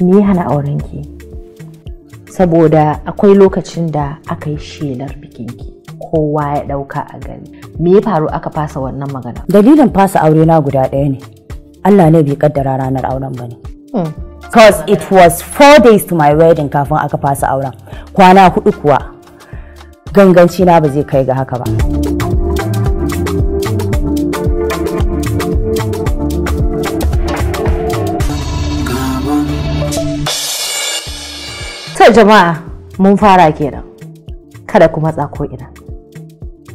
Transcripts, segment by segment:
Ni hana hana aurenki saboda akwai lokacin da aka yi shelar bikinki kowa ya ɗauka a gani, me ya faru aka fasa wannan magana dalilin fasa aure na guda ɗaya ne Allah ne bai kaddara ranar auren ba ne hmm. cause it was four days to my wedding kafin aka fasa auren kwana hudu kuwa ganganci na ba zai kai ga haka ba. To jama'a mun fara kenan kada ku matsa ko ina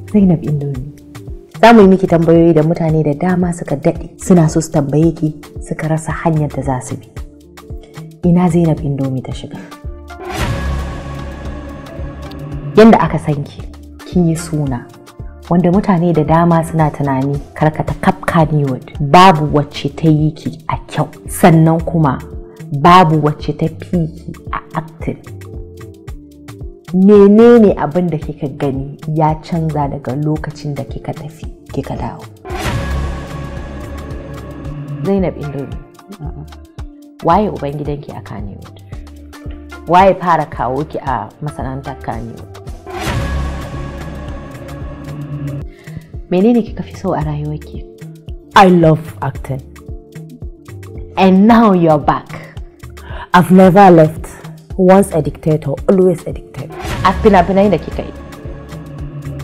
zainab indomi za mu yi miki tambayoyi da mutane da dama suka daɗe suna so su tambaye ki suka rasa hanyar da za su bi ina zainab indomi ta shiga yanda aka san ki kin yi suna wanda mutane da dama suna tunani karkata kap Kannywood babu wacce ta yi ki a kyau sannan kuma babu wacce ta fiki a active menene abin da kika gani ya canza daga lokacin da kika tafi kika dawo zainab indomi waye ubangidanki a kanewood waye fara kawo ki a masana'antar kanewood menene kika fi so a rayuwarki i love acting and now you're back I've never left. Once a dictator, always a dictator. A fina da kika yi,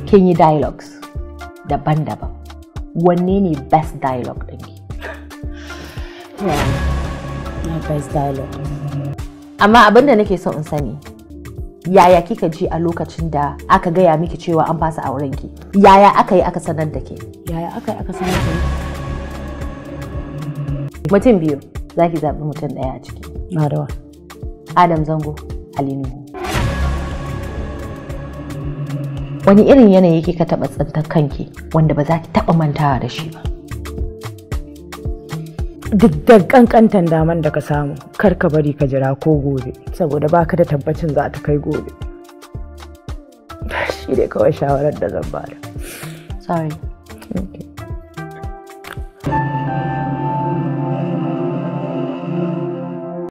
kin dialogues daban-daban. Wanne ne best dialogue ɗinki? Yeah, my best dialogue. Amma abin da nake so in sani, yaya kika ji a lokacin da aka gaya miki cewa an fasa aurenki? Yaya aka yi aka sanar da ke? Yaya aka yi aka sanar da ke? Mutum biyu, za ki zaɓi mutum ɗaya a ciki. Marawa. Adam Zango, Alinuhu. Wani irin yanayi ka taɓa tsantar kanki wanda ba za ki taɓa mantawa da shi ba. Duk da kankantan daman da ka samu, kar ka bari ka jira ko gobe, saboda baka da tabbacin za ta kai gobe. Shi dai kawai shawarar da zan bada. Sorry. Okay.